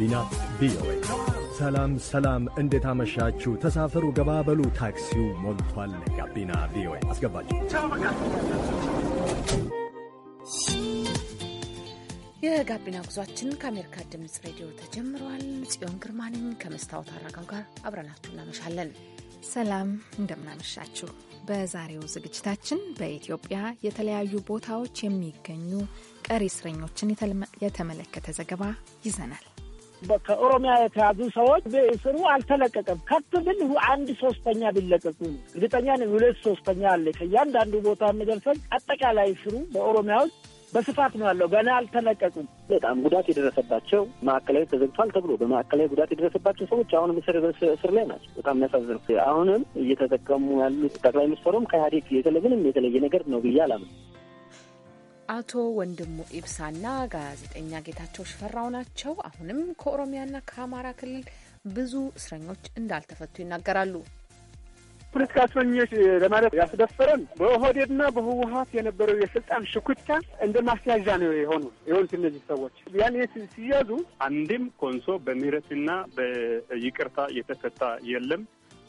ጋቢና ቪኦኤ። ሰላም ሰላም፣ እንዴት አመሻችሁ? ተሳፈሩ፣ ገባበሉ፣ ታክሲው ሞልቷል። ጋቢና ቪኦኤ አስገባችሁ። የጋቢና ጉዟችን ከአሜሪካ ድምፅ ሬዲዮ ተጀምረዋል። ጽዮን ግርማንን ከመስታወት አረጋው ጋር አብረናችሁ እናመሻለን። ሰላም እንደምናመሻችሁ። በዛሬው ዝግጅታችን በኢትዮጵያ የተለያዩ ቦታዎች የሚገኙ ቀሪ እስረኞችን የተመለከተ ዘገባ ይዘናል። ከኦሮሚያ የተያዙ ሰዎች እስሩ አልተለቀቀም። ከፍ ብል አንድ ሶስተኛ ቢለቀቁ ነው እርግጠኛ ነኝ። ሁለት ሶስተኛ አለ ከእያንዳንዱ ቦታ የሚደርሰን አጠቃላይ እስሩ በኦሮሚያ ውስጥ በስፋት ነው ያለው። ገና አልተለቀቁም። በጣም ጉዳት የደረሰባቸው ማዕከላዊ ተዘግቷል ተብሎ በማዕከላዊ ጉዳት የደረሰባቸው ሰዎች አሁንም እስር እስር ላይ ናቸው። በጣም የሚያሳዝነው አሁንም እየተጠቀሙ ያሉት ጠቅላይ ሚኒስትሩም ከኢህአዴግ የተለየ ምንም የተለየ ነገር ነው ብዬ አላምንም። አቶ ወንድሙ ኢብሳና ጋዜጠኛ ጌታቸው ሽፈራው ናቸው። አሁንም ከኦሮሚያና ከአማራ ክልል ብዙ እስረኞች እንዳልተፈቱ ይናገራሉ። ፖለቲካ እስረኞች ለማለት ያስደፈረን በኦህዴድና በህወሀት የነበረው የስልጣን ሽኩቻ እንደ ማስያዣ ነው የሆኑ የሆኑት እነዚህ ሰዎች ያን ሲያዙ አንድም ኮንሶ በምህረትና በይቅርታ የተፈታ የለም።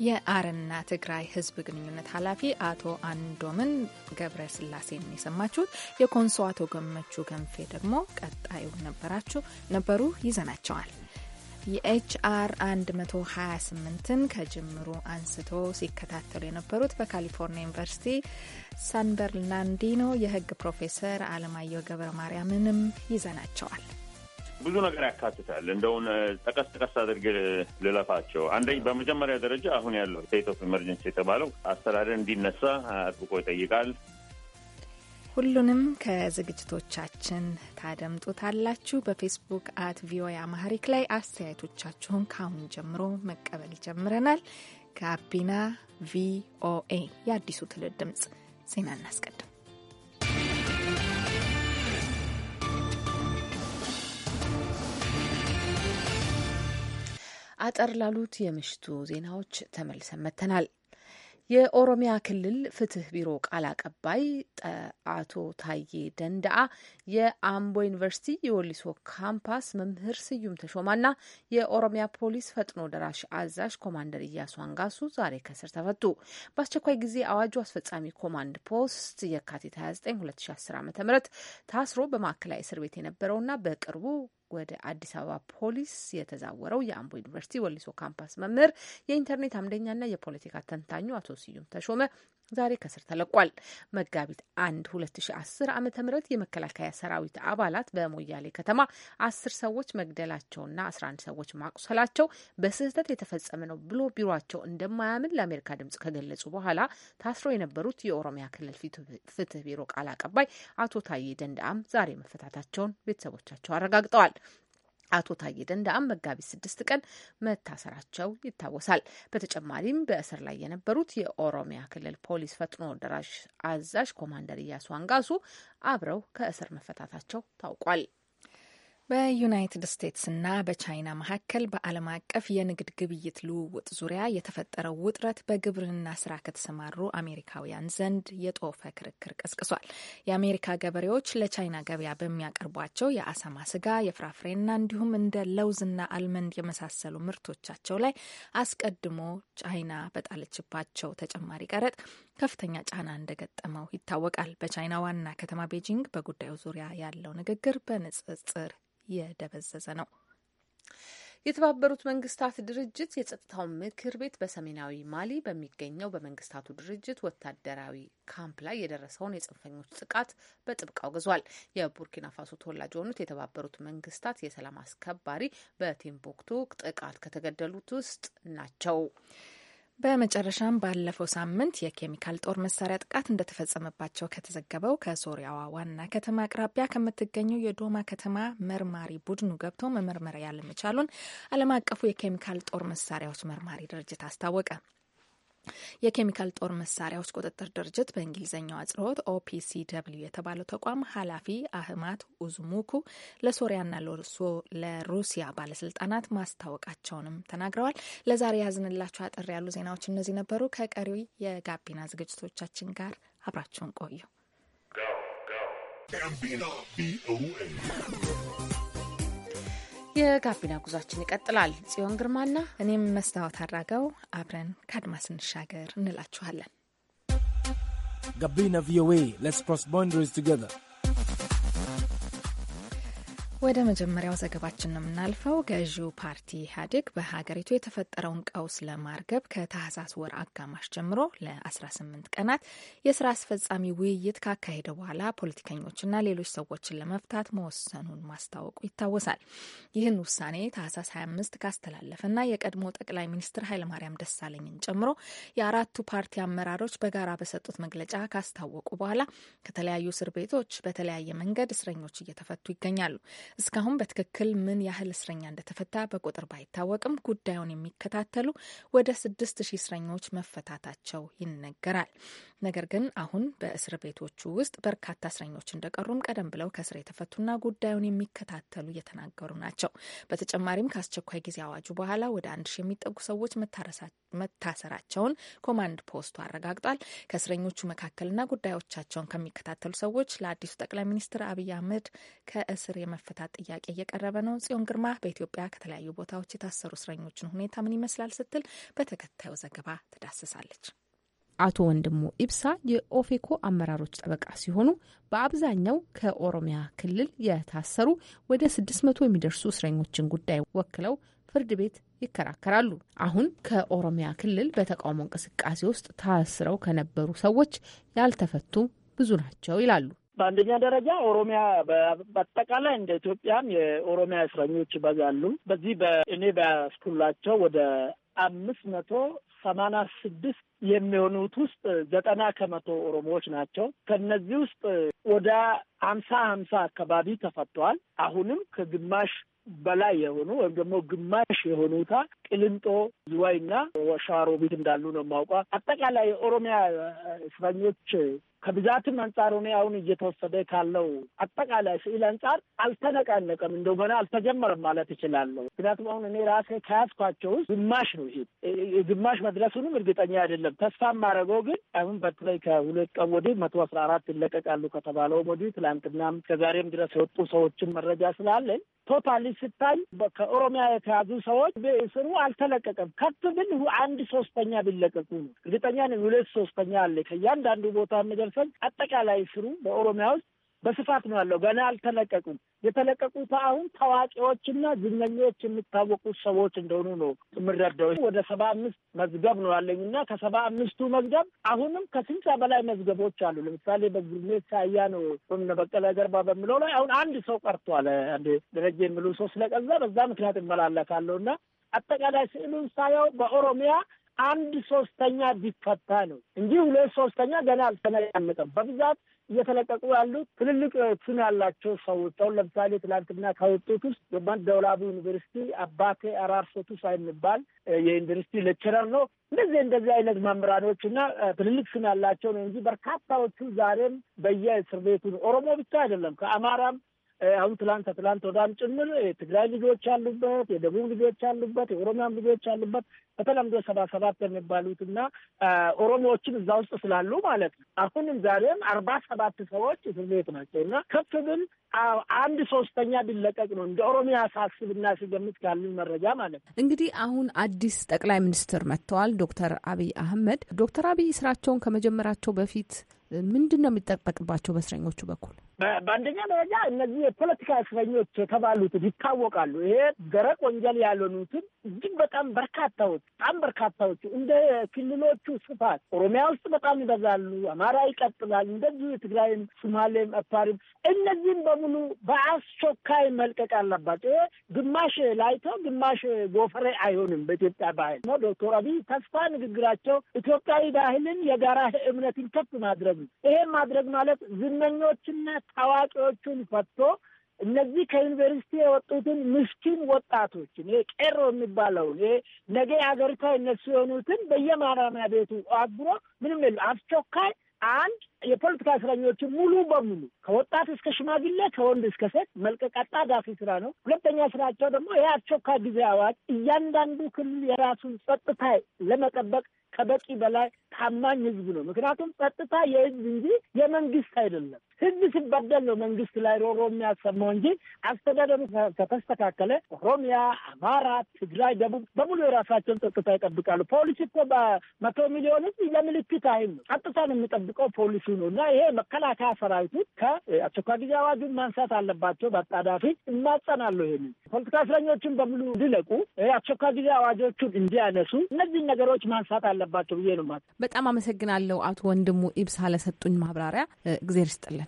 የአረና ትግራይ ህዝብ ግንኙነት ኃላፊ አቶ አንዶምን ገብረ ስላሴን የሰማችሁት። የኮንሶ አቶ ገመቹ ገንፌ ደግሞ ቀጣዩ ነበራችሁ ነበሩ ይዘናቸዋል። የኤችአር 128ን ከጅምሩ አንስቶ ሲከታተሉ የነበሩት በካሊፎርኒያ ዩኒቨርሲቲ ሳንበርናንዲኖ የህግ ፕሮፌሰር አለማየሁ ገብረ ማርያምንም ይዘናቸዋል። ብዙ ነገር ያካትታል። እንደውን ጠቀስ ጠቀስ አድርግ ልለፋቸው። አንደኝ በመጀመሪያ ደረጃ አሁን ያለው ስቴት ኦፍ ኢመርጀንሲ የተባለው አስተዳደር እንዲነሳ አጥብቆ ይጠይቃል። ሁሉንም ከዝግጅቶቻችን ታደምጡታላችሁ። በፌስቡክ አት ቪኦኤ አማህሪክ ላይ አስተያየቶቻችሁን ከአሁን ጀምሮ መቀበል ጀምረናል። ጋቢና ቪኦኤ የአዲሱ ትውልድ ድምፅ ዜና እናስቀድም። አጠር ላሉት የምሽቱ ዜናዎች ተመልሰን መጥተናል። የኦሮሚያ ክልል ፍትህ ቢሮ ቃል አቀባይ አቶ ታዬ ደንዳአ የአምቦ ዩኒቨርሲቲ የወሊሶ ካምፓስ መምህር ስዩም ተሾማና የኦሮሚያ ፖሊስ ፈጥኖ ደራሽ አዛዥ ኮማንደር እያሱ አንጋሱ ዛሬ ከስር ተፈቱ። በአስቸኳይ ጊዜ አዋጁ አስፈጻሚ ኮማንድ ፖስት የካቲት 29 2010 ዓ ም ታስሮ በማዕከላዊ እስር ቤት የነበረውና በቅርቡ ወደ አዲስ አበባ ፖሊስ የተዛወረው የአምቦ ዩኒቨርሲቲ ወሊሶ ካምፓስ መምህር የኢንተርኔት አምደኛና የፖለቲካ ተንታኙ አቶ ስዩም ተሾመ ዛሬ ከስር ተለቋል። መጋቢት አንድ 2010 ዓ ም የመከላከያ ሰራዊት አባላት በሞያሌ ከተማ አስር ሰዎች መግደላቸውና 11 ሰዎች ማቁሰላቸው በስህተት የተፈጸመ ነው ብሎ ቢሮቸው እንደማያምን ለአሜሪካ ድምጽ ከገለጹ በኋላ ታስረው የነበሩት የኦሮሚያ ክልል ፍትህ ቢሮ ቃል አቀባይ አቶ ታዬ ደንዳአም ዛሬ መፈታታቸውን ቤተሰቦቻቸው አረጋግጠዋል። አቶ ታዬ ደንዳአ መጋቢት ስድስት ቀን መታሰራቸው ይታወሳል። በተጨማሪም በእስር ላይ የነበሩት የኦሮሚያ ክልል ፖሊስ ፈጥኖ ደራሽ አዛዥ ኮማንደር እያሱ አንጋሱ አብረው ከእስር መፈታታቸው ታውቋል። በዩናይትድ ስቴትስና በቻይና መካከል በዓለም አቀፍ የንግድ ግብይት ልውውጥ ዙሪያ የተፈጠረው ውጥረት በግብርና ስራ ከተሰማሩ አሜሪካውያን ዘንድ የጦፈ ክርክር ቀስቅሷል። የአሜሪካ ገበሬዎች ለቻይና ገበያ በሚያቀርቧቸው የአሳማ ስጋ፣ የፍራፍሬና እንዲሁም እንደ ለውዝና አልመንድ የመሳሰሉ ምርቶቻቸው ላይ አስቀድሞ ቻይና በጣለችባቸው ተጨማሪ ቀረጥ ከፍተኛ ጫና እንደገጠመው ይታወቃል። በቻይና ዋና ከተማ ቤጂንግ በጉዳዩ ዙሪያ ያለው ንግግር በንጽጽር የደበዘዘ ነው። የተባበሩት መንግስታት ድርጅት የጸጥታው ምክር ቤት በሰሜናዊ ማሊ በሚገኘው በመንግስታቱ ድርጅት ወታደራዊ ካምፕ ላይ የደረሰውን የጽንፈኞች ጥቃት በጥብቅ አውግዟል። የቡርኪና ፋሶ ተወላጅ የሆኑት የተባበሩት መንግስታት የሰላም አስከባሪ በቲምቦክቱ ጥቃት ከተገደሉት ውስጥ ናቸው። በመጨረሻም ባለፈው ሳምንት የኬሚካል ጦር መሳሪያ ጥቃት እንደተፈጸመባቸው ከተዘገበው ከሶሪያዋ ዋና ከተማ አቅራቢያ ከምትገኘው የዶማ ከተማ መርማሪ ቡድኑ ገብቶ መመርመር ያለመቻሉን ዓለም አቀፉ የኬሚካል ጦር መሳሪያዎች መርማሪ ድርጅት አስታወቀ። የኬሚካል ጦር መሳሪያዎች ቁጥጥር ድርጅት በእንግሊዝኛው አጽሮት ኦፒሲደብሊው የተባለው ተቋም ኃላፊ አህማት ኡዝሙኩ ለሶሪያና ለሩሲያ ባለስልጣናት ማስታወቃቸውንም ተናግረዋል። ለዛሬ ያዝንላችሁ አጠር ያሉ ዜናዎች እነዚህ ነበሩ። ከቀሪው የጋቢና ዝግጅቶቻችን ጋር አብራችሁን ቆዩ። የጋቢና ጉዟችን ይቀጥላል። ጽዮን ግርማና እኔም መስታወት አድራገው አብረን ከአድማስ እንሻገር እንላችኋለን። ጋቢና ቪኦኤ ሌትስ ክሮስ ባውንደሪስ ቱጌዘር ወደ መጀመሪያው ዘገባችን ነው የምናልፈው። ገዢው ፓርቲ ኢህአዴግ በሀገሪቱ የተፈጠረውን ቀውስ ለማርገብ ከታህሳስ ወር አጋማሽ ጀምሮ ለ18 ቀናት የስራ አስፈጻሚ ውይይት ካካሄደ በኋላ ፖለቲከኞችና ሌሎች ሰዎችን ለመፍታት መወሰኑን ማስታወቁ ይታወሳል። ይህን ውሳኔ ታህሳስ 25 ካስተላለፈና የቀድሞ ጠቅላይ ሚኒስትር ኃይለማርያም ደሳለኝን ጨምሮ የአራቱ ፓርቲ አመራሮች በጋራ በሰጡት መግለጫ ካስታወቁ በኋላ ከተለያዩ እስር ቤቶች በተለያየ መንገድ እስረኞች እየተፈቱ ይገኛሉ። እስካሁን በትክክል ምን ያህል እስረኛ እንደተፈታ በቁጥር ባይታወቅም ጉዳዩን የሚከታተሉ ወደ ስድስት ሺህ እስረኞች መፈታታቸው ይነገራል። ነገር ግን አሁን በእስር ቤቶቹ ውስጥ በርካታ እስረኞች እንደቀሩም ቀደም ብለው ከእስር የተፈቱና ጉዳዩን የሚከታተሉ እየተናገሩ ናቸው። በተጨማሪም ከአስቸኳይ ጊዜ አዋጁ በኋላ ወደ አንድ ሺህ የሚጠጉ ሰዎች መታሰራቸውን ኮማንድ ፖስቱ አረጋግጧል። ከእስረኞቹ መካከልና ጉዳዮቻቸውን ከሚከታተሉ ሰዎች ለአዲሱ ጠቅላይ ሚኒስትር አብይ አህመድ ከእስር የመፈታ የፍታት ጥያቄ እየቀረበ ነው። ጽዮን ግርማ በኢትዮጵያ ከተለያዩ ቦታዎች የታሰሩ እስረኞችን ሁኔታ ምን ይመስላል ስትል በተከታዩ ዘገባ ትዳስሳለች። አቶ ወንድሙ ኢብሳ የኦፌኮ አመራሮች ጠበቃ ሲሆኑ በአብዛኛው ከኦሮሚያ ክልል የታሰሩ ወደ 600 የሚደርሱ እስረኞችን ጉዳይ ወክለው ፍርድ ቤት ይከራከራሉ። አሁን ከኦሮሚያ ክልል በተቃውሞ እንቅስቃሴ ውስጥ ታስረው ከነበሩ ሰዎች ያልተፈቱ ብዙ ናቸው ይላሉ። በአንደኛ ደረጃ ኦሮሚያ በአጠቃላይ እንደ ኢትዮጵያም የኦሮሚያ እስረኞች ይበዛሉ። በዚህ በእኔ በያስኩላቸው ወደ አምስት መቶ ሰማና ስድስት የሚሆኑት ውስጥ ዘጠና ከመቶ ኦሮሞዎች ናቸው። ከነዚህ ውስጥ ወደ ሀምሳ ሀምሳ አካባቢ ተፈተዋል። አሁንም ከግማሽ በላይ የሆኑ ወይም ደግሞ ግማሽ የሆኑታ ቅልንጦ፣ ዝዋይና ሸዋሮቢት እንዳሉ ነው የማውቀው። አጠቃላይ የኦሮሚያ እስረኞች ከብዛትም አንጻር ሆነ አሁን እየተወሰደ ካለው አጠቃላይ ስዕል አንጻር አልተነቃነቀም፣ እንደሆነ አልተጀመረም ማለት እችላለሁ። ምክንያቱም አሁን እኔ ራሴ ከያዝኳቸው ውስጥ ግማሽ ነው ይሄ ግማሽ መድረሱንም እርግጠኛ አይደለም። ተስፋ ማድረገው ግን አሁን በተለይ ከሁለት ቀን ወዲህ መቶ አስራ አራት ይለቀቃሉ ከተባለው ወዲህ ትላንትናም ከዛሬም ድረስ የወጡ ሰዎችን መረጃ ስላለን ቶታሊ ስታይ ከኦሮሚያ የተያዙ ሰዎች ስሩ አልተለቀቀም። ከፍ ብል አንድ ሶስተኛ ቢለቀቁ ነው እርግጠኛ ነኝ። ሁለት ሶስተኛ አለ ከእያንዳንዱ ቦታ የሚደ ማህበረሰብ አጠቃላይ ስሩ በኦሮሚያ ውስጥ በስፋት ነው ያለው። ገና አልተለቀቁም። የተለቀቁት አሁን ታዋቂዎችና ዝነኞች የሚታወቁ ሰዎች እንደሆኑ ነው የምረዳው። ወደ ሰባ አምስት መዝገብ ነው ያለኝ እና ከሰባ አምስቱ መዝገብ አሁንም ከስልሳ በላይ መዝገቦች አሉ። ለምሳሌ በግርሜ ሳያ ነው ወይም በቀለ ገርባ በሚለው ላይ አሁን አንድ ሰው ቀርቷል። አንድ ደረጀ የሚሉ ሰው ስለቀዛ በዛ ምክንያት እመላለካለሁ እና አጠቃላይ ስዕሉን ሳየው በኦሮሚያ አንድ ሶስተኛ ቢፈታ ነው እንጂ ሁለት ሶስተኛ ገና አልተነቀምጠም። በብዛት እየተለቀቁ ያሉት ትልልቅ ችን ያላቸው ሰዎች አሁን ለምሳሌ ትላንትና ከወጡት ውስጥ ደውላቡ ዩኒቨርሲቲ አባቴ አራርሶቱ ሳይባል የዩኒቨርሲቲ ሌክቸረር ነው። እንደዚህ እንደዚህ አይነት መምህራኖች እና ትልልቅ ስም ያላቸው ነው እንጂ በርካታዎቹ ዛሬም በየእስር ቤቱ ኦሮሞ ብቻ አይደለም ከአማራም አሁን ትላንት ትላንት ወዳም ጭምር የትግራይ ልጆች ያሉበት፣ የደቡብ ልጆች ያሉበት፣ የኦሮሚያም ልጆች ያሉበት በተለምዶ ሰባ ሰባት የሚባሉት እና ኦሮሞዎችን እዛ ውስጥ ስላሉ ማለት ነው። አሁንም ዛሬም አርባ ሰባት ሰዎች እስር ቤት ናቸው እና ከፍ ግን አንድ ሶስተኛ ቢለቀቅ ነው እንደ ኦሮሚያ ሳስብና ሲገምት ካሉኝ መረጃ ማለት ነው። እንግዲህ አሁን አዲስ ጠቅላይ ሚኒስትር መጥተዋል፣ ዶክተር አብይ አህመድ። ዶክተር አብይ ስራቸውን ከመጀመራቸው በፊት ምንድን ነው የሚጠበቅባቸው በእስረኞቹ በኩል? በአንደኛ ደረጃ እነዚህ የፖለቲካ እስረኞች የተባሉትን ይታወቃሉ። ይሄ ደረቅ ወንጀል ያልሆኑትን እጅግ በጣም በርካታዎች በጣም በርካታዎቹ እንደ ክልሎቹ ስፋት ኦሮሚያ ውስጥ በጣም ይበዛሉ፣ አማራ ይቀጥላል፣ እንደዚሁ ትግራይም፣ ሶማሌም፣ አፋሪም እነዚህም በሙሉ በአስቸኳይ መልቀቅ አለባቸው። ይሄ ግማሽ ላይቶ ግማሽ ጎፈሬ አይሆንም በኢትዮጵያ ባህል። ዶክተር አብይ ተስፋ ንግግራቸው ኢትዮጵያዊ ባህልን የጋራ እምነትን ከፍ ማድረግ አይደለም። ይሄ ማድረግ ማለት ዝነኞችና ታዋቂዎቹን ፈቶ እነዚህ ከዩኒቨርሲቲ የወጡትን ምስኪን ወጣቶችን ይሄ ቄሮ የሚባለውን ይሄ ነገ አገሪቷ እነሱ የሆኑትን በየማራሚያ ቤቱ አግብሮ ምንም የለ አስቸኳይ አንድ የፖለቲካ እስረኞችን ሙሉ በሙሉ ከወጣት እስከ ሽማግሌ ከወንድ እስከ ሴት መልቀቅ አጣዳፊ ስራ ነው። ሁለተኛ ስራቸው ደግሞ ይህ አስቸኳይ ጊዜ አዋጅ እያንዳንዱ ክልል የራሱን ጸጥታ ለመጠበቅ ከበቂ በላይ ታማኝ ህዝብ ነው። ምክንያቱም ጸጥታ የህዝብ እንጂ የመንግስት አይደለም። ህዝብ ሲበደል ነው መንግስት ላይ ሮሮ የሚያሰማው እንጂ አስተዳደሩ ከተስተካከለ ኦሮሚያ፣ አማራ፣ ትግራይ፣ ደቡብ በሙሉ የራሳቸውን ጸጥታ ይጠብቃሉ። ፖሊስ እኮ በመቶ ሚሊዮን ህዝብ ለምልክት አይም ነው ጸጥታን የሚጠብቀው ፖሊሱ ነው። እና ይሄ መከላከያ ሰራዊቱ ከአስቸኳይ ጊዜ አዋጁን ማንሳት አለባቸው። በአጣዳፊ እማጸናለሁ። ይሄንን ፖለቲካ እስረኞችን በሙሉ እንዲለቁ፣ አስቸኳይ ጊዜ አዋጆቹን እንዲያነሱ፣ እነዚህን ነገሮች ማንሳት አለባቸው ብዬ ነው ማለት። በጣም አመሰግናለሁ አቶ ወንድሙ ኢብሳ ለሰጡኝ ማብራሪያ፣ እግዜር ይስጥልን።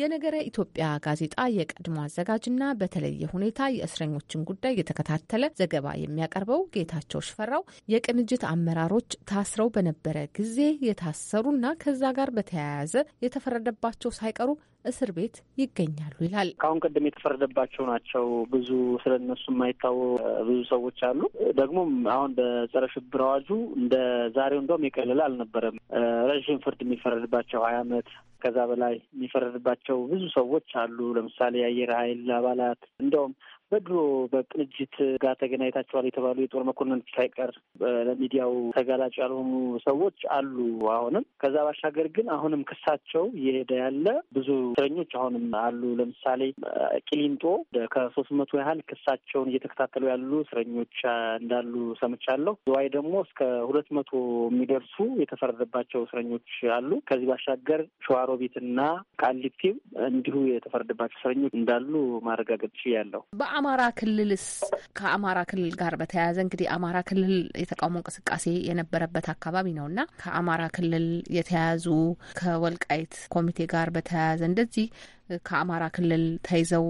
የነገረ ኢትዮጵያ ጋዜጣ የቀድሞ አዘጋጅና በተለየ ሁኔታ የእስረኞችን ጉዳይ የተከታተለ ዘገባ የሚያቀርበው ጌታቸው ሽፈራው የቅንጅት አመራሮች ታስረው በነበረ ጊዜ የታሰሩና ከዛ ጋር በተያያዘ የተፈረደባቸው ሳይቀሩ እስር ቤት ይገኛሉ ይላል። ከአሁን ቀደም የተፈረደባቸው ናቸው። ብዙ ስለ እነሱ የማይታወቅ ብዙ ሰዎች አሉ። ደግሞም አሁን በጸረ ሽብር አዋጁ እንደ ዛሬው እንደውም የቀለለ አልነበረም። ረዥም ፍርድ የሚፈረድባቸው ሀያ አመት ከዛ በላይ የሚፈ የሚፈረድባቸው ብዙ ሰዎች አሉ። ለምሳሌ የአየር ኃይል አባላት እንደውም በድሮ በቅንጅት ጋር ተገናኝታችኋል የተባሉ የጦር መኮንኖች ሳይቀር ለሚዲያው ተጋላጭ ያልሆኑ ሰዎች አሉ። አሁንም ከዛ ባሻገር ግን አሁንም ክሳቸው እየሄደ ያለ ብዙ እስረኞች አሁንም አሉ። ለምሳሌ ቂሊንጦ ከሶስት መቶ ያህል ክሳቸውን እየተከታተሉ ያሉ እስረኞች እንዳሉ ሰምቻለሁ። ዝዋይ ደግሞ እስከ ሁለት መቶ የሚደርሱ የተፈረደባቸው እስረኞች አሉ። ከዚህ ባሻገር ሸዋሮቢትና ቃሊቲም እንዲሁ የተፈረደባቸው እስረኞች እንዳሉ ማረጋገጥ ችያለሁ። ከአማራ ክልልስ ከአማራ ክልል ጋር በተያያዘ እንግዲህ አማራ ክልል የተቃውሞ እንቅስቃሴ የነበረበት አካባቢ ነውና ከአማራ ክልል የተያያዙ ከወልቃይት ኮሚቴ ጋር በተያያዘ እንደዚህ ከአማራ ክልል ተይዘው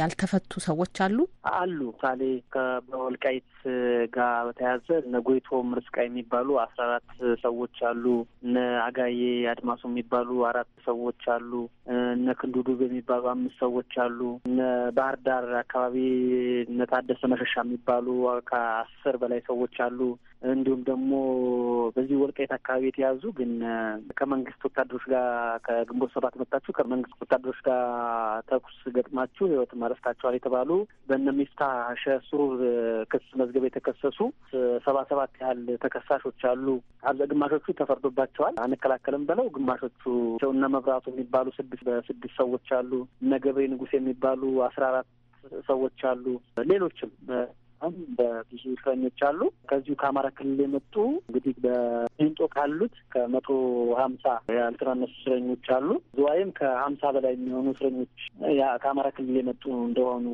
ያልተፈቱ ሰዎች አሉ አሉ ምሳሌ ከወልቃይት ጋር በተያያዘ እነ ጎይቶ ምርስቃ የሚባሉ አስራ አራት ሰዎች አሉ። እነ አጋዬ አድማሱ የሚባሉ አራት ሰዎች አሉ። እነ ክንዱ የሚባሉ አምስት ሰዎች አሉ። እነ ባህር ዳር አካባቢ እነ ታደሰ መሸሻ የሚባሉ ከአስር በላይ ሰዎች አሉ። እንዲሁም ደግሞ በዚህ ወልቃይት አካባቢ የተያዙ ግን ከመንግስት ወታደሮች ጋር ከግንቦት ሰባት መታችሁ ከመንግስት ወታደሮች ጋር ተኩስ ገጥማችሁ ህይወት ማረፍታችኋል የተባሉ በነ ሚፍታ ሸህ ሱሩር ክስ መዝገብ የተከሰሱ ሰባ ሰባት ያህል ተከሳሾች አሉ። አብዛ ግማሾቹ ተፈርዶባቸዋል አንከላከልም ብለው ግማሾቹ እነ መብራቱ የሚባሉ ስድስት በስድስት ሰዎች አሉ። እነ ገብሬ ንጉስ የሚባሉ አስራ አራት ሰዎች አሉ። ሌሎችም ማለትም በብዙ እስረኞች አሉ። ከዚሁ ከአማራ ክልል የመጡ እንግዲህ በኢንጦ ካሉት ከመቶ ሀምሳ ያልተናነሱ እስረኞች አሉ። ዝዋይም ከሀምሳ በላይ የሚሆኑ እስረኞች ከአማራ ክልል የመጡ እንደሆኑ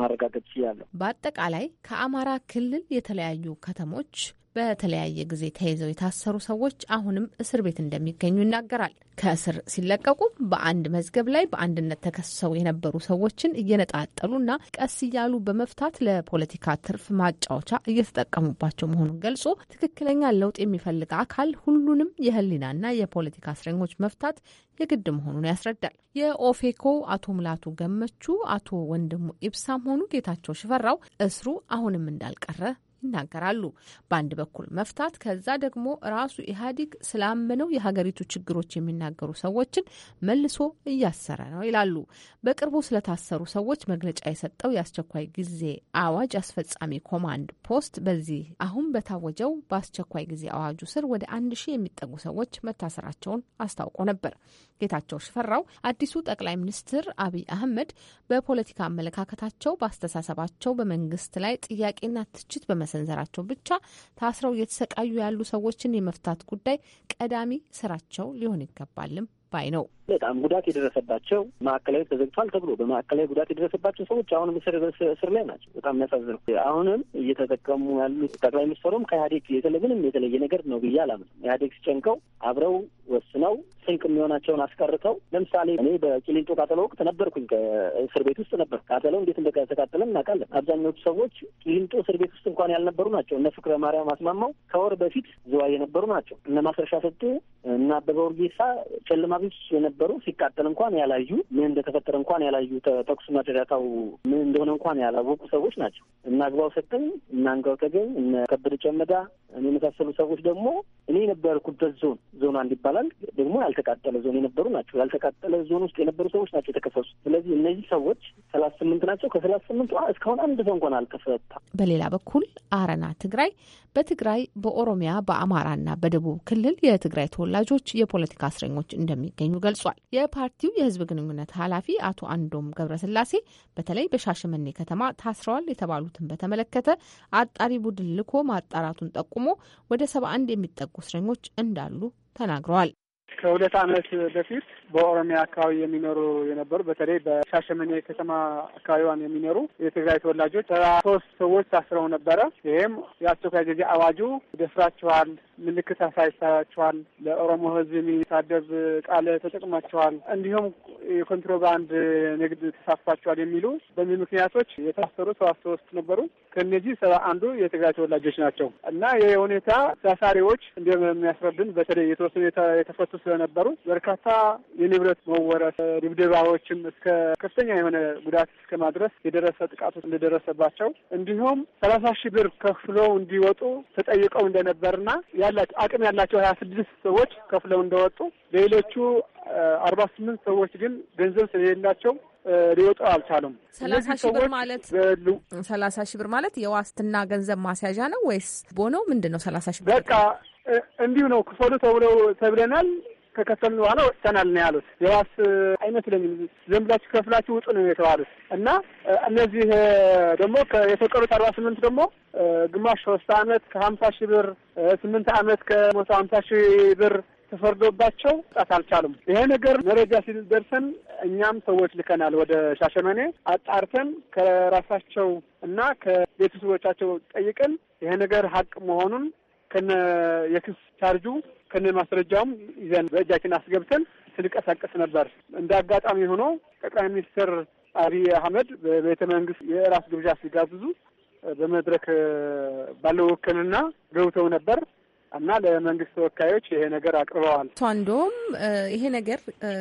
ማረጋገጥ ችያለሁ። በአጠቃላይ ከአማራ ክልል የተለያዩ ከተሞች በተለያየ ጊዜ ተይዘው የታሰሩ ሰዎች አሁንም እስር ቤት እንደሚገኙ ይናገራል። ከእስር ሲለቀቁ በአንድ መዝገብ ላይ በአንድነት ተከሰው የነበሩ ሰዎችን እየነጣጠሉና ቀስ እያሉ በመፍታት ለፖለቲካ ትርፍ ማጫወቻ እየተጠቀሙባቸው መሆኑን ገልጾ ትክክለኛ ለውጥ የሚፈልግ አካል ሁሉንም የህሊናና የፖለቲካ እስረኞች መፍታት የግድ መሆኑን ያስረዳል። የኦፌኮ አቶ ሙላቱ ገመቹ፣ አቶ ወንድሙ ኢብሳም ሆኑ ጌታቸው ሽፈራው እስሩ አሁንም እንዳልቀረ ይናገራሉ። በአንድ በኩል መፍታት፣ ከዛ ደግሞ ራሱ ኢህአዴግ ስላመነው የሀገሪቱ ችግሮች የሚናገሩ ሰዎችን መልሶ እያሰረ ነው ይላሉ። በቅርቡ ስለታሰሩ ሰዎች መግለጫ የሰጠው የአስቸኳይ ጊዜ አዋጅ አስፈጻሚ ኮማንድ ፖስት በዚህ አሁን በታወጀው በአስቸኳይ ጊዜ አዋጁ ስር ወደ አንድ ሺህ የሚጠጉ ሰዎች መታሰራቸውን አስታውቆ ነበር። ጌታቸው ሽፈራው አዲሱ ጠቅላይ ሚኒስትር አብይ አህመድ በፖለቲካ አመለካከታቸው፣ በአስተሳሰባቸው በመንግስት ላይ ጥያቄና ትችት በመ በመሰንዘራቸው ብቻ ታስረው እየተሰቃዩ ያሉ ሰዎችን የመፍታት ጉዳይ ቀዳሚ ስራቸው ሊሆን ይገባልም ባይ ነው። በጣም ጉዳት የደረሰባቸው ማዕከላዊ ተዘግቷል ተብሎ በማዕከላዊ ጉዳት የደረሰባቸው ሰዎች አሁንም እስር ላይ ናቸው። በጣም የሚያሳዝነው አሁንም እየተጠቀሙ ያሉት ጠቅላይ ሚኒስትሩም ከኢህአዴግ ምንም የተለየ ነገር ነው ብዬ አላምንም። ኢህአዴግ ሲጨንቀው አብረው ወስነው ስንቅ የሚሆናቸውን አስቀርተው ለምሳሌ እኔ በቂሊንጦ ቃጠሎ ወቅት ነበርኩኝ። ከእስር ቤት ውስጥ ነበር። ቃጠሎ እንዴት እንደተቃጠለ እናውቃለን። አብዛኛዎቹ ሰዎች ቂሊንጦ እስር ቤት ውስጥ እንኳን ያልነበሩ ናቸው። እነ ፍቅረ ማርያም አስማማው ከወር በፊት ዝዋይ የነበሩ ናቸው። እነ ማስረሻ ሰጡ እና አበበ ወርጌሳ ጨለማ ቤት የነበሩ ሲቃጠል እንኳን ያላዩ ምን እንደተፈጠረ እንኳን ያላዩ ተኩሱ መደዳታው ምን እንደሆነ እንኳን ያላወቁ ሰዎች ናቸው። እነ አግባው ሰጠኝ፣ እነ አንጋው ተገኝ፣ እነ ከበደ ጨመዳ እኔ የመሳሰሉ ሰዎች ደግሞ እኔ የነበርኩበት ዞን ዞን አንድ ይባላል ደግሞ ያልተቃጠለ ዞን የነበሩ ናቸው። ያልተቃጠለ ዞን ውስጥ የነበሩ ሰዎች ናቸው የተከሰሱ። ስለዚህ እነዚህ ሰዎች ሰላሳ ስምንት ናቸው። ከሰላሳ ስምንቱ እስካሁን አንድ ሰው እንኳን አልተፈታ። በሌላ በኩል አረና ትግራይ በትግራይ በኦሮሚያ በአማራና በደቡብ ክልል የትግራይ ተወላጆች የፖለቲካ እስረኞች እንደሚገኙ ገልጿል። ገልጿል። የፓርቲው የህዝብ ግንኙነት ኃላፊ አቶ አንዶም ገብረስላሴ በተለይ በሻሸመኔ ከተማ ታስረዋል የተባሉትን በተመለከተ አጣሪ ቡድን ልኮ ማጣራቱን ጠቁሞ ወደ ሰባ አንድ የሚጠጉ እስረኞች እንዳሉ ተናግረዋል። ከሁለት ዓመት በፊት በኦሮሚያ አካባቢ የሚኖሩ የነበሩ በተለይ በሻሸመኔ ከተማ አካባቢዋን የሚኖሩ የትግራይ ተወላጆች ሶስት ሰዎች ታስረው ነበረ። ይህም የአስቸኳይ ጊዜ አዋጁ ደፍራችኋል ምልክት አሳይታችኋል፣ ለኦሮሞ ህዝብ የሚሳደብ ቃል ተጠቅማችኋል፣ እንዲሁም የኮንትሮባንድ ንግድ ተሳትፏችኋል የሚሉ በሚ ምክንያቶች የታሰሩ ሰባ ሶስት ነበሩ። ከእነዚህ ሰባ አንዱ የትግራይ ተወላጆች ናቸው እና ይህ ሁኔታ ታሳሪዎች እንደሚያስረዱን በተለይ የተወሰኑ የተፈቱ ስለነበሩ በርካታ የንብረት መወረስ ድብደባዎችም እስከ ከፍተኛ የሆነ ጉዳት እስከ ማድረስ የደረሰ ጥቃቶች እንደደረሰባቸው እንዲሁም ሰላሳ ሺህ ብር ከፍሎ እንዲወጡ ተጠይቀው እንደነበርና ያ ያላቸው አቅም ያላቸው ሀያ ስድስት ሰዎች ከፍለው እንደወጡ ሌሎቹ አርባ ስምንት ሰዎች ግን ገንዘብ ስለሌላቸው ሊወጡ አልቻሉም። ሰላሳ ሺህ ብር ማለት ሰላሳ ሺህ ብር ማለት የዋስትና ገንዘብ ማስያዣ ነው ወይስ ቦኖ ምንድን ነው? ሰላሳ ሺህ በቃ እንዲሁ ነው ክፈሉ ተብለው ተብለናል። ከከፈልን በኋላ ወጥተናል ነው ያሉት። የዋስ አይመስለኝም ዝም ብላችሁ ከፍላችሁ ውጡ ነው የተባሉት እና እነዚህ ደግሞ የተቀሩት አርባ ስምንት ደግሞ ግማሽ ሶስት አመት ከሀምሳ ሺህ ብር ስምንት አመት ከመቶ ሀምሳ ሺህ ብር ተፈርዶባቸው ጣት አልቻሉም። ይሄ ነገር መረጃ ሲደርሰን እኛም ሰዎች ልከናል ወደ ሻሸመኔ አጣርተን ከራሳቸው እና ከቤተሰቦቻቸው ጠይቀን ይሄ ነገር ሀቅ መሆኑን ከነ የክስ ቻርጁ ከነ ማስረጃውም ይዘን በእጃችን አስገብተን ስንቀሳቀስ ነበር። እንደ አጋጣሚ ሆኖ ጠቅላይ ሚኒስትር አብይ አህመድ በቤተ መንግስት የእራት ግብዣ ሲጋብዙ በመድረክ ባለው ውክልና ገብተው ነበር እና ለመንግስት ተወካዮች ይሄ ነገር አቅርበዋል። አንዶም ይሄ ነገር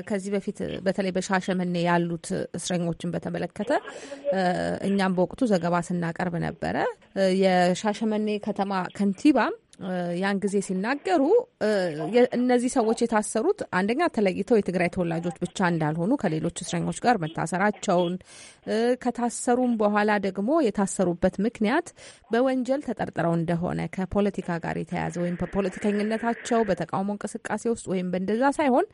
ከዚህ በፊት በተለይ በሻሸመኔ ያሉት እስረኞችን በተመለከተ እኛም በወቅቱ ዘገባ ስናቀርብ ነበረ። የሻሸመኔ ከተማ ከንቲባም ያን ጊዜ ሲናገሩ እነዚህ ሰዎች የታሰሩት አንደኛ ተለይተው የትግራይ ተወላጆች ብቻ እንዳልሆኑ ከሌሎች እስረኞች ጋር መታሰራቸውን ከታሰሩም በኋላ ደግሞ የታሰሩበት ምክንያት በወንጀል ተጠርጥረው እንደሆነ ከፖለቲካ ጋር የተያያዘ ወይም በፖለቲከኝነታቸው በተቃውሞ እንቅስቃሴ ውስጥ ወይም በእንደዛ ሳይሆን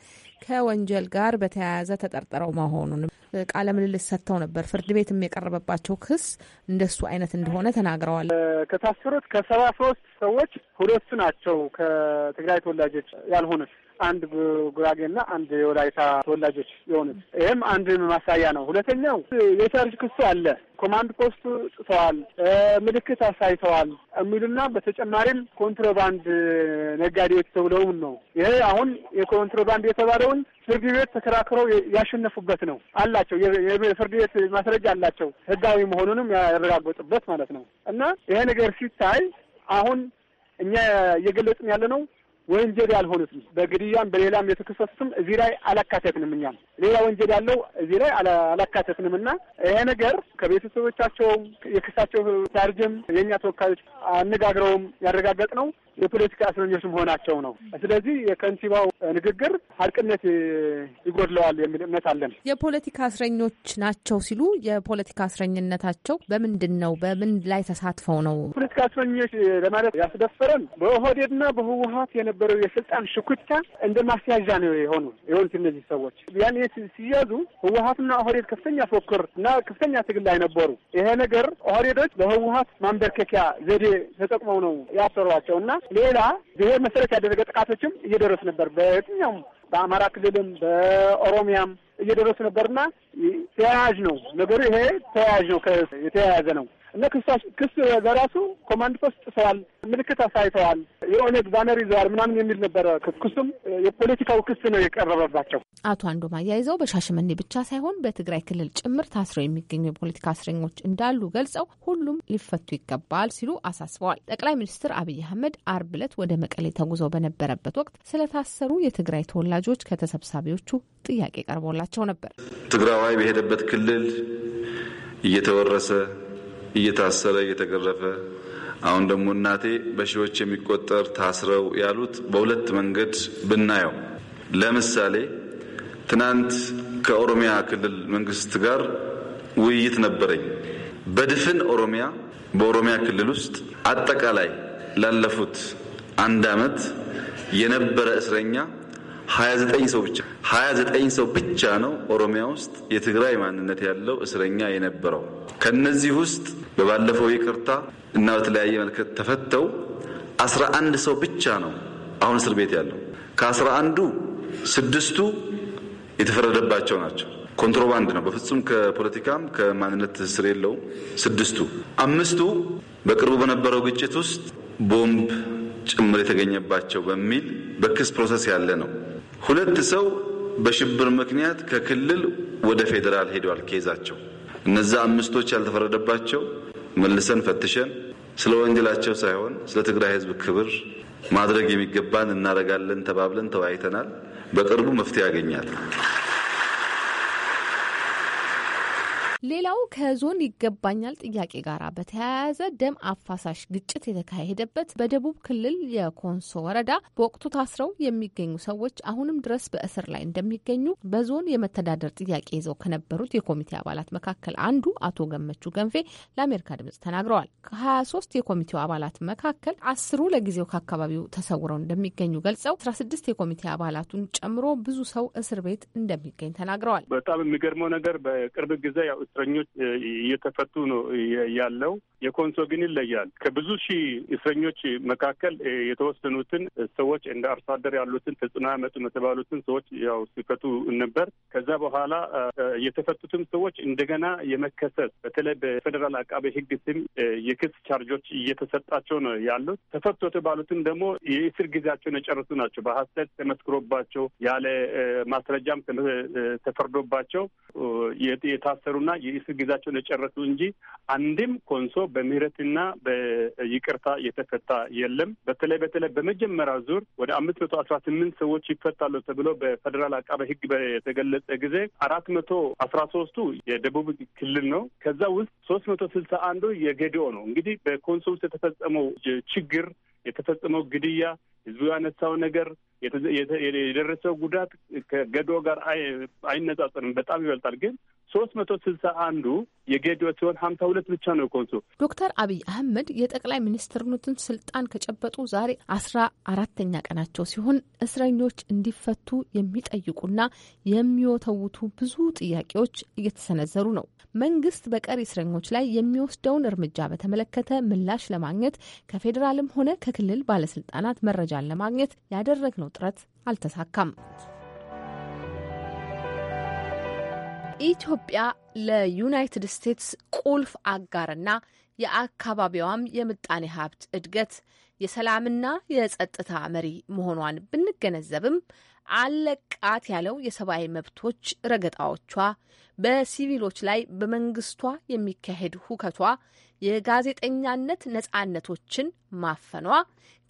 ከወንጀል ጋር በተያያዘ ተጠርጥረው መሆኑን ቃለ ምልልስ ሰጥተው ነበር። ፍርድ ቤትም የቀረበባቸው ክስ እንደሱ አይነት እንደሆነ ተናግረዋል። ከታሰሩት ከሰባ ሶስት ሰዎች ሁለቱ ናቸው ከትግራይ ተወላጆች ያልሆኑት አንድ ጉራጌና አንድ የወላይታ ተወላጆች የሆኑት ይህም አንድ ማሳያ ነው። ሁለተኛው የቻርጅ ክሱ አለ። ኮማንድ ፖስቱ ጥተዋል፣ ምልክት አሳይተዋል የሚሉና በተጨማሪም ኮንትሮባንድ ነጋዴዎች ተብለውም ነው። ይሄ አሁን የኮንትሮባንድ የተባለውን ፍርድ ቤት ተከራክረው ያሸነፉበት ነው። አላቸው የፍርድ ቤት ማስረጃ አላቸው፣ ህጋዊ መሆኑንም ያረጋገጡበት ማለት ነው። እና ይሄ ነገር ሲታይ አሁን እኛ እየገለጽን ያለ ነው ወንጀል ያልሆኑትም በግድያም በሌላም የተከሰሱትም እዚህ ላይ አላካተትንም። እኛም ሌላ ወንጀል ያለው እዚህ ላይ አላካተትንም እና ይሄ ነገር ከቤተሰቦቻቸውም የክሳቸው ሲያርጅም የእኛ ተወካዮች አነጋግረውም ያረጋገጥ ነው የፖለቲካ እስረኞች መሆናቸው ነው። ስለዚህ የከንቲባው ንግግር ሀልቅነት ይጎድለዋል የሚል እምነት አለን። የፖለቲካ እስረኞች ናቸው ሲሉ የፖለቲካ እስረኝነታቸው በምንድን ነው? በምን ላይ ተሳትፈው ነው ፖለቲካ እስረኞች ለማለት ያስደፈረን? በኦህዴድና በህወሀት የነ የነበረው የስልጣን ሽኩቻ እንደ ማስያዣ ነው የሆኑ የሆኑት እነዚህ ሰዎች ያን ሲያዙ ህወሀትና ኦህዴድ ከፍተኛ ፎክር እና ከፍተኛ ትግል ላይ ነበሩ። ይሄ ነገር ኦህዴዶች ለህወሀት ማንበርከኪያ ዘዴ ተጠቅመው ነው ያሰሯቸው እና ሌላ ብሔር መሰረት ያደረገ ጥቃቶችም እየደረሱ ነበር በየትኛውም በአማራ ክልልም በኦሮሚያም እየደረሱ ነበርና ተያያዥ ነው ነገሩ። ይሄ ተያያዥ ነው የተያያዘ ነው። እና ክስ በራሱ ኮማንድ ፖስት ጥሰዋል፣ ምልክት አሳይተዋል፣ የኦነግ ባነር ይዘዋል ምናምን የሚል ነበረ። ክሱም የፖለቲካው ክስ ነው የቀረበባቸው። አቶ አንዶም አያይዘው በሻሸመኔ ብቻ ሳይሆን በትግራይ ክልል ጭምር ታስረው የሚገኙ የፖለቲካ እስረኞች እንዳሉ ገልጸው ሁሉም ሊፈቱ ይገባል ሲሉ አሳስበዋል። ጠቅላይ ሚኒስትር አብይ አህመድ አርብ ዕለት ወደ መቀሌ ተጉዘው በነበረበት ወቅት ስለታሰሩ የትግራይ ተወላጆች ከተሰብሳቢዎቹ ጥያቄ ቀርቦላቸው ነበር። ትግራዋይ በሄደበት ክልል እየተወረሰ እየታሰረ እየተገረፈ አሁን ደግሞ እናቴ በሺዎች የሚቆጠር ታስረው ያሉት በሁለት መንገድ ብናየው፣ ለምሳሌ ትናንት ከኦሮሚያ ክልል መንግስት ጋር ውይይት ነበረኝ። በድፍን ኦሮሚያ በኦሮሚያ ክልል ውስጥ አጠቃላይ ላለፉት አንድ ዓመት የነበረ እስረኛ 29 ሰው ብቻ 29 ሰው ብቻ ነው ኦሮሚያ ውስጥ የትግራይ ማንነት ያለው እስረኛ የነበረው። ከነዚህ ውስጥ በባለፈው ይቅርታ እና በተለያየ መልከት ተፈተው 11 ሰው ብቻ ነው አሁን እስር ቤት ያለው። ከ11ዱ ስድስቱ የተፈረደባቸው ናቸው። ኮንትሮባንድ ነው፣ በፍጹም ከፖለቲካም ከማንነት ትስስር የለውም። ስድስቱ አምስቱ በቅርቡ በነበረው ግጭት ውስጥ ቦምብ ጭምር የተገኘባቸው በሚል በክስ ፕሮሰስ ያለ ነው። ሁለት ሰው በሽብር ምክንያት ከክልል ወደ ፌዴራል ሄደዋል። ኬዛቸው እነዛ አምስቶች ያልተፈረደባቸው መልሰን ፈትሸን ስለ ወንጀላቸው ሳይሆን ስለ ትግራይ ሕዝብ ክብር ማድረግ የሚገባን እናደርጋለን ተባብለን ተወያይተናል። በቅርቡ መፍትሄ ያገኛል። ሌላው ከዞን ይገባኛል ጥያቄ ጋር በተያያዘ ደም አፋሳሽ ግጭት የተካሄደበት በደቡብ ክልል የኮንሶ ወረዳ በወቅቱ ታስረው የሚገኙ ሰዎች አሁንም ድረስ በእስር ላይ እንደሚገኙ በዞን የመተዳደር ጥያቄ ይዘው ከነበሩት የኮሚቴ አባላት መካከል አንዱ አቶ ገመቹ ገንፌ ለአሜሪካ ድምጽ ተናግረዋል ከሀያ ሶስት የኮሚቴው አባላት መካከል አስሩ ለጊዜው ከአካባቢው ተሰውረው እንደሚገኙ ገልጸው 16 የኮሚቴ አባላቱን ጨምሮ ብዙ ሰው እስር ቤት እንደሚገኝ ተናግረዋል። በጣም የሚገርመው ነገር በቅርብ ጊዜ ያው እስረኞች እየተፈቱ ነው ያለው። የኮንሶ ግን ይለያል። ከብዙ ሺህ እስረኞች መካከል የተወሰኑትን ሰዎች እንደ አርሶ አደር ያሉትን ተጽዕኖ ያመጡም የተባሉትን ሰዎች ያው ሲፈቱ ነበር። ከዛ በኋላ የተፈቱትም ሰዎች እንደገና የመከሰስ በተለይ በፌዴራል አቃቤ ሕግ ስም የክስ ቻርጆች እየተሰጣቸው ነው ያሉት። ተፈቶ የተባሉትም ደግሞ የእስር ጊዜያቸውን የጨረሱ ናቸው። በሀሰት ተመስክሮባቸው ያለ ማስረጃም ተፈርዶባቸው የታሰሩና የእስር ጊዜያቸውን የጨረሱ እንጂ አንድም ኮንሶ በምህረትና በይቅርታ የተፈታ የለም። በተለይ በተለይ በመጀመሪያ ዙር ወደ አምስት መቶ አስራ ስምንት ሰዎች ይፈታሉ ተብሎ በፌዴራል አቃቤ ሕግ በተገለጸ ጊዜ አራት መቶ አስራ ሶስቱ የደቡብ ክልል ነው። ከዛ ውስጥ ሶስት መቶ ስልሳ አንዱ የገዲኦ ነው። እንግዲህ በኮንሶ ውስጥ የተፈጸመው ችግር የተፈጸመው ግድያ ህዝቡ ያነሳው ነገር የደረሰው ጉዳት ከገዶ ጋር አይነጻጸርም፣ በጣም ይበልጣል። ግን ሶስት መቶ ስልሳ አንዱ የጌዲዮ ሲሆን ሀምሳ ሁለት ብቻ ነው ኮንሶ። ዶክተር አብይ አህመድ የጠቅላይ ሚኒስትርነትን ስልጣን ከጨበጡ ዛሬ አስራ አራተኛ ቀናቸው ሲሆን እስረኞች እንዲፈቱ የሚጠይቁና የሚወተውቱ ብዙ ጥያቄዎች እየተሰነዘሩ ነው። መንግስት በቀሪ እስረኞች ላይ የሚወስደውን እርምጃ በተመለከተ ምላሽ ለማግኘት ከፌዴራልም ሆነ ከክልል ባለስልጣናት መረጃ መረጃን ለማግኘት ያደረግነው ጥረት አልተሳካም። ኢትዮጵያ ለዩናይትድ ስቴትስ ቁልፍ አጋርና የአካባቢዋም የምጣኔ ሀብት እድገት የሰላምና የጸጥታ መሪ መሆኗን ብንገነዘብም አለቃት ያለው የሰብአዊ መብቶች ረገጣዎቿ፣ በሲቪሎች ላይ በመንግስቷ የሚካሄድ ሁከቷ፣ የጋዜጠኛነት ነጻነቶችን ማፈኗ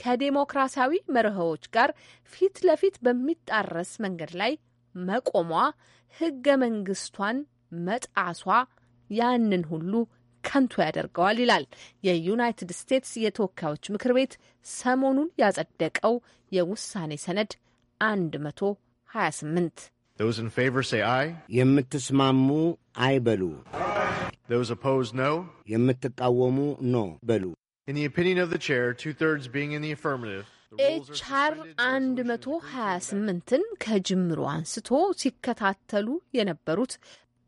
ከዴሞክራሲያዊ መርሆዎች ጋር ፊት ለፊት በሚጣረስ መንገድ ላይ መቆሟ፣ ህገ መንግስቷን መጣሷ ያንን ሁሉ ከንቱ ያደርገዋል ይላል የዩናይትድ ስቴትስ የተወካዮች ምክር ቤት ሰሞኑን ያጸደቀው የውሳኔ ሰነድ 128። የምትስማሙ አይበሉ የምትቃወሙ ኖ በሉ። ኤችአር 128ን ከጅምሮ አንስቶ ሲከታተሉ የነበሩት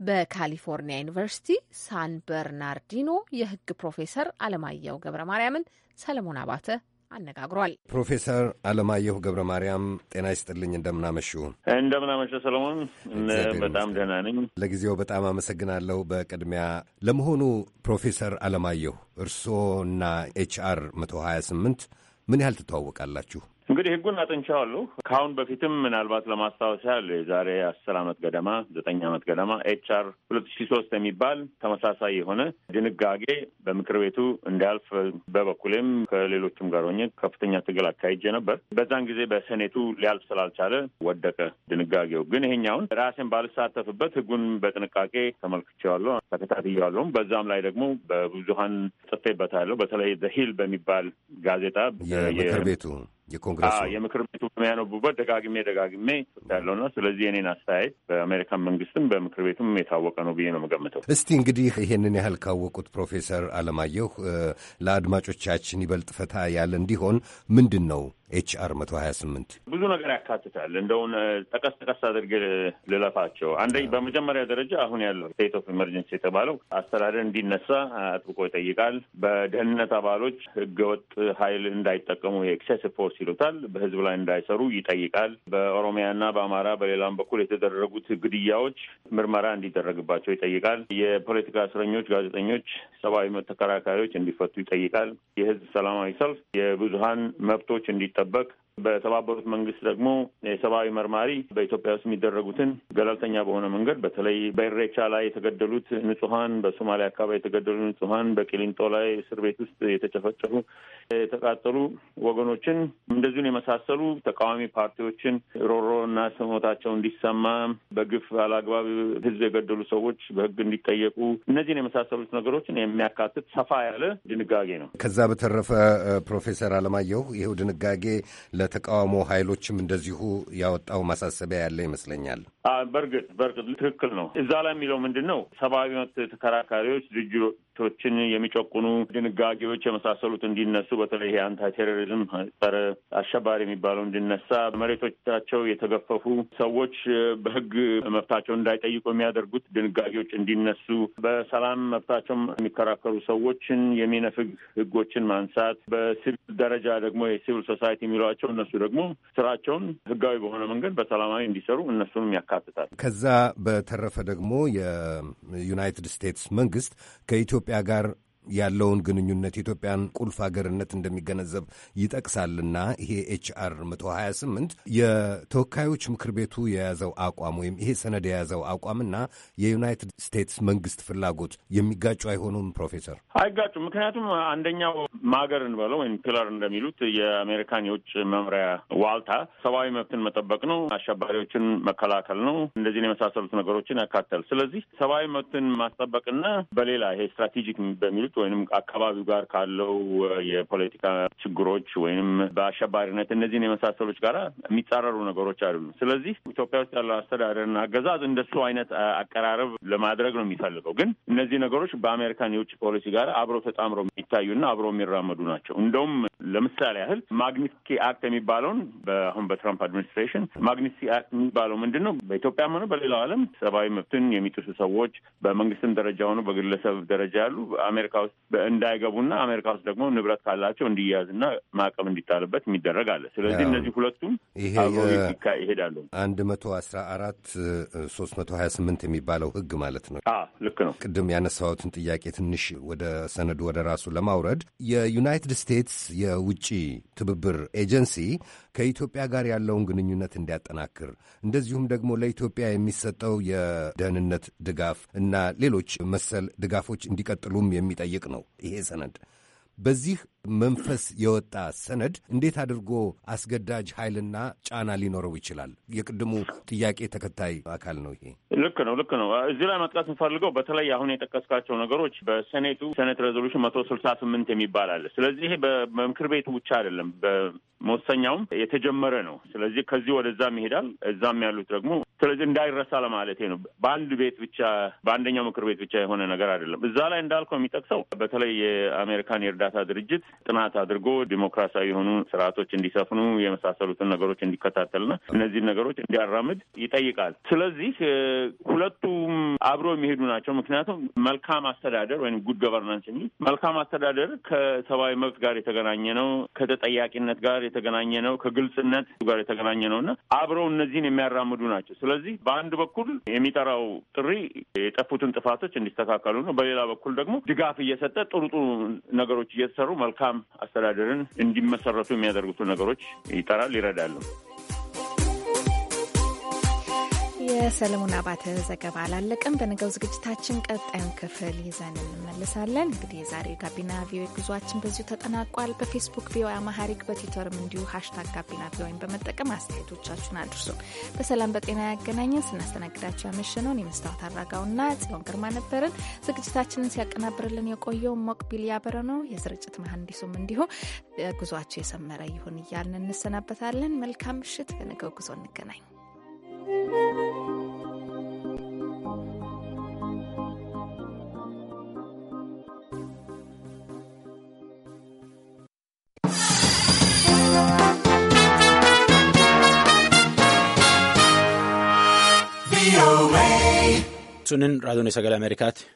በካሊፎርኒያ ዩኒቨርሲቲ ሳን በርናርዲኖ የሕግ ፕሮፌሰር አለማየሁ ገብረ ማርያምን ሰለሞን አባተ አነጋግሯል። ፕሮፌሰር አለማየሁ ገብረ ማርያም ጤና ይስጥልኝ። እንደምናመሹ እንደምናመሸ ሰለሞን። በጣም ደህና ነኝ። ለጊዜው በጣም አመሰግናለሁ። በቅድሚያ ለመሆኑ ፕሮፌሰር አለማየሁ እርስዎና ኤችአር 128 ምን ያህል ትተዋወቃላችሁ? እንግዲህ ህጉን አጥንቻዋለሁ። ከአሁን በፊትም ምናልባት ለማስታወስ ያህል የዛሬ አስር አመት ገደማ ዘጠኝ አመት ገደማ ኤች አር ሁለት ሺ ሶስት የሚባል ተመሳሳይ የሆነ ድንጋጌ በምክር ቤቱ እንዲያልፍ በበኩሌም ከሌሎችም ጋር ሆኜ ከፍተኛ ትግል አካሄጄ ነበር። በዛን ጊዜ በሴኔቱ ሊያልፍ ስላልቻለ ወደቀ ድንጋጌው። ግን ይሄኛውን ራሴን ባልሳተፍበት ህጉን በጥንቃቄ ተመልክቼዋለሁ፣ ተከታትያዋለሁም። በዛም ላይ ደግሞ በብዙሀን ጽፌበታለሁ። በተለይ ዘሂል በሚባል ጋዜጣ የምክር ቤቱ የኮንግረሱ የምክር ቤቱ በሚያነቡበት ደጋግሜ ደጋግሜ ነው። ስለዚህ የኔን አስተያየት በአሜሪካን መንግስትም በምክር ቤቱም የታወቀ ነው ብዬ ነው የምገምተው። እስቲ እንግዲህ ይሄንን ያህል ካወቁት ፕሮፌሰር አለማየሁ ለአድማጮቻችን ይበልጥ ፈታ ያለ እንዲሆን ምንድን ነው ኤች አር መቶ ሀያ ስምንት ብዙ ነገር ያካትታል። እንደውን ጠቀስ ጠቀስ አድርግ ልለፋቸው። አንደ በመጀመሪያ ደረጃ አሁን ያለው ስቴት ኦፍ ኢመርጀንሲ የተባለው አስተዳደር እንዲነሳ አጥብቆ ይጠይቃል። በደህንነት አባሎች ህገወጥ ኃይል እንዳይጠቀሙ የኤክሴሲቭ ፎርስ ይሉታል። በህዝብ ላይ እንዳይሰሩ ይጠይቃል። በኦሮሚያና በአማራ በሌላም በኩል የተደረጉት ግድያዎች ምርመራ እንዲደረግባቸው ይጠይቃል። የፖለቲካ እስረኞች፣ ጋዜጠኞች፣ ሰብአዊ መብት ተከራካሪዎች እንዲፈቱ ይጠይቃል። የህዝብ ሰላማዊ ሰልፍ፣ የብዙሀን መብቶች እንዲጠበቅ በተባበሩት መንግስት ደግሞ የሰብአዊ መርማሪ በኢትዮጵያ ውስጥ የሚደረጉትን ገለልተኛ በሆነ መንገድ በተለይ በኢሬቻ ላይ የተገደሉት ንጹሀን፣ በሶማሊያ አካባቢ የተገደሉ ንጹሀን፣ በቂሊንጦ ላይ እስር ቤት ውስጥ የተጨፈጨፉ የተቃጠሉ ወገኖችን እንደዚሁን የመሳሰሉ ተቃዋሚ ፓርቲዎችን ሮሮ እና ስሞታቸው እንዲሰማ በግፍ አላግባብ ህዝብ የገደሉ ሰዎች በህግ እንዲጠየቁ እነዚህን የመሳሰሉት ነገሮችን የሚያካትት ሰፋ ያለ ድንጋጌ ነው። ከዛ በተረፈ ፕሮፌሰር አለማየሁ ይኸው ድንጋጌ ለተቃውሞ ኃይሎችም እንደዚሁ ያወጣው ማሳሰቢያ ያለ ይመስለኛል። በእርግጥ በእርግጥ ትክክል ነው። እዛ ላይ የሚለው ምንድን ነው? ሰብአዊ መብት ተከራካሪዎች መብቶችን የሚጨቁኑ ድንጋጌዎች የመሳሰሉት እንዲነሱ በተለይ ይሄ አንታይ ቴሮሪዝም ጸረ አሸባሪ የሚባለው እንዲነሳ መሬቶቻቸው የተገፈፉ ሰዎች በህግ መብታቸው እንዳይጠይቁ የሚያደርጉት ድንጋጌዎች እንዲነሱ በሰላም መብታቸው የሚከራከሩ ሰዎችን የሚነፍግ ህጎችን ማንሳት በሲቪል ደረጃ ደግሞ የሲቪል ሶሳይቲ የሚሏቸው እነሱ ደግሞ ስራቸውን ህጋዊ በሆነ መንገድ በሰላማዊ እንዲሰሩ እነሱንም ያካትታል። ከዛ በተረፈ ደግሞ የዩናይትድ ስቴትስ መንግስት ከኢትዮ ከኢትዮጵያ ጋር ያለውን ግንኙነት የኢትዮጵያን ቁልፍ ሀገርነት እንደሚገነዘብ ይጠቅሳልና ይሄ ኤች አር 128 የተወካዮች ምክር ቤቱ የያዘው አቋም ወይም ይሄ ሰነድ የያዘው አቋምና የዩናይትድ ስቴትስ መንግስት ፍላጎት የሚጋጩ አይሆኑም? ፕሮፌሰር አይጋጩም። ምክንያቱም አንደኛው ማገር እንበለው ወይም ፒላር እንደሚሉት የአሜሪካን የውጭ መምሪያ ዋልታ ሰብአዊ መብትን መጠበቅ ነው፣ አሸባሪዎችን መከላከል ነው፣ እንደዚህ የመሳሰሉት ነገሮችን ያካተል። ስለዚህ ሰብአዊ መብትን ማስጠበቅና በሌላ ይሄ ስትራቴጂክ በሚሉት ወይም አካባቢው ጋር ካለው የፖለቲካ ችግሮች ወይም በአሸባሪነት እነዚህን የመሳሰሎች ጋር የሚጻረሩ ነገሮች አይደሉም። ስለዚህ ኢትዮጵያ ውስጥ ያለው አስተዳደርና አገዛዝ እንደሱ አይነት አቀራረብ ለማድረግ ነው የሚፈልገው። ግን እነዚህ ነገሮች በአሜሪካን የውጭ ፖሊሲ ጋር አብረው ተጣምረው የሚታዩና አብረው የሚራመዱ ናቸው። እንደውም ለምሳሌ ያህል ማግኒስኪ አክት የሚባለውን በአሁን በትራምፕ አድሚኒስትሬሽን ማግኒስኪ አክት የሚባለው ምንድን ነው? በኢትዮጵያም ሆነ በሌላው ዓለም ሰብአዊ መብትን የሚጥሱ ሰዎች በመንግስትም ደረጃ ሆነ በግለሰብ ደረጃ ያሉ አሜሪካ ውስጥ እንዳይገቡና አሜሪካ ውስጥ ደግሞ ንብረት ካላቸው እንዲያዝና ማዕቀብ እንዲጣልበት የሚደረግ አለ። ስለዚህ እነዚህ ሁለቱም ይሄ ይሄዳሉ። አንድ መቶ አስራ አራት ሶስት መቶ ሀያ ስምንት የሚባለው ህግ ማለት ነው። ልክ ነው። ቅድም ያነሳሁትን ጥያቄ ትንሽ ወደ ሰነዱ ወደ ራሱ ለማውረድ የዩናይትድ ስቴትስ የውጭ ትብብር ኤጀንሲ ከኢትዮጵያ ጋር ያለውን ግንኙነት እንዲያጠናክር እንደዚሁም ደግሞ ለኢትዮጵያ የሚሰጠው የደህንነት ድጋፍ እና ሌሎች መሰል ድጋፎች እንዲቀጥሉም የሚጠ የሚጠይቅ ነው ይሄ ሰነድ። በዚህ መንፈስ የወጣ ሰነድ እንዴት አድርጎ አስገዳጅ ኃይልና ጫና ሊኖረው ይችላል? የቅድሙ ጥያቄ ተከታይ አካል ነው። ይሄ ልክ ነው፣ ልክ ነው። እዚህ ላይ መጥቃት የምፈልገው በተለይ አሁን የጠቀስካቸው ነገሮች በሴኔቱ ሴኔት ሬዞሉሽን መቶ ስልሳ ስምንት የሚባል አለ። ስለዚህ ይሄ በምክር ቤቱ ብቻ አይደለም፣ በመወሰኛውም የተጀመረ ነው። ስለዚህ ከዚህ ወደዛም ይሄዳል፣ እዛም ያሉት ደግሞ ስለዚህ እንዳይረሳ ለማለት ነው። በአንድ ቤት ብቻ በአንደኛው ምክር ቤት ብቻ የሆነ ነገር አይደለም። እዛ ላይ እንዳልከው የሚጠቅሰው በተለይ የአሜሪካን የእርዳታ ድርጅት ጥናት አድርጎ ዲሞክራሲያዊ የሆኑ ስርዓቶች እንዲሰፍኑ የመሳሰሉትን ነገሮች እንዲከታተልና እነዚህን ነገሮች እንዲያራምድ ይጠይቃል። ስለዚህ ሁለቱም አብሮ የሚሄዱ ናቸው። ምክንያቱም መልካም አስተዳደር ወይም ጉድ ገቨርናንስ የሚል መልካም አስተዳደር ከሰብአዊ መብት ጋር የተገናኘ ነው፣ ከተጠያቂነት ጋር የተገናኘ ነው፣ ከግልጽነት ጋር የተገናኘ ነው እና አብረው እነዚህን የሚያራምዱ ናቸው። ስለዚህ በአንድ በኩል የሚጠራው ጥሪ የጠፉትን ጥፋቶች እንዲስተካከሉ ነው። በሌላ በኩል ደግሞ ድጋፍ እየሰጠ ጥሩ ጥሩ ነገሮች እየተሰሩ መልካም መልካም አስተዳደርን እንዲመሰረቱ የሚያደርጉትን ነገሮች ይጠራል፣ ይረዳልም። የሰለሞን አባተ ዘገባ አላለቀም። በነገው ዝግጅታችን ቀጣዩን ክፍል ይዘን እንመልሳለን። እንግዲህ የዛሬ ጋቢና ቪኦኤ ጉዟችን በዚሁ ተጠናቋል። በፌስቡክ ቪኦኤ አማሃሪክ፣ በትዊተርም እንዲሁ ሀሽታግ ጋቢና ቪኦኤን በመጠቀም አስተያየቶቻችሁን አድርሱ። በሰላም በጤና ያገናኘን። ስናስተናግዳቸው ያመሸነውን የመስታወት አድራጋውና ጽዮን ግርማ ነበርን። ዝግጅታችንን ሲያቀናብርልን የቆየው ሞቅቢል ያበረ ነው። የስርጭት መሀንዲሱም እንዲሁ ጉዟቸው የሰመረ ይሁን እያልን እንሰናበታለን። መልካም ምሽት። በነገው ጉዞ እንገናኝ። Sunniin raadiyoon sagalee Ameerikaati.